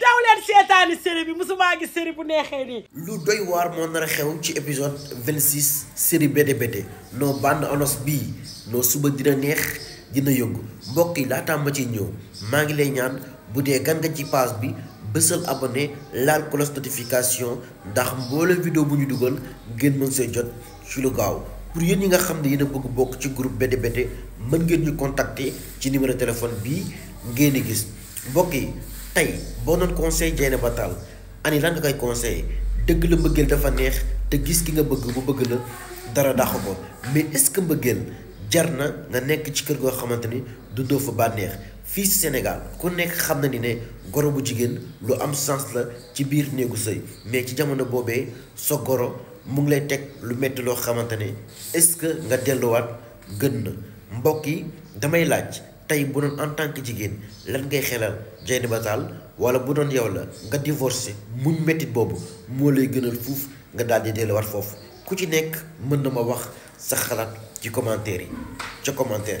daw leen seetaani série bi musuma gis série bu neexee nii. lu doy waar moo nar a xew ci épisode 26 série Bété Bété noo bande annonce bii noo suba dina neex dina yëngu mbokk yi laataa ma ciy ñëw maa ngi lay ñaan bu dee gan nga ci page bi bësal abonné laal cloche notification ndax mboolem vidéo bu ñu dugal ngeen mën see jot ci lu gaaw pour yéen ñi nga xam ne yéen a bëgg bokk ci groupe Bété Bété mën ngeen ñu contacter ci numéro téléphone bii ngeen di gis mbokk yi. tey boo doon conseil Dieynaba Tall ani lan nga koy conseillé dëgg la mbëggeel dafa neex te gis ki nga bëgg bu bëgg la dara dàq ko mais est-ce que mbëggeel jar na nga nekk ci kër goo xamante ni dundoo fa bànneex fii si senegal ku nekk xam na ni ne goro bu jigéen lu am sens la ci biir néegu sëy mais ci jamono boobee sa goro mu ngi lay teg lu metti loo xamante ne est-ce que nga delluwaat gën na mbokk yi damay laaj tey bu doon en tant jigéen lan ngay xelal Jeyna Batal wala bu doon yow la nga divorcé muñ métti boobu moo lay gënal fuuf nga daal di delluwaat foofu ku ci nekk mën na ma wax sa xalaat ci commentaire yi ca commentaire ya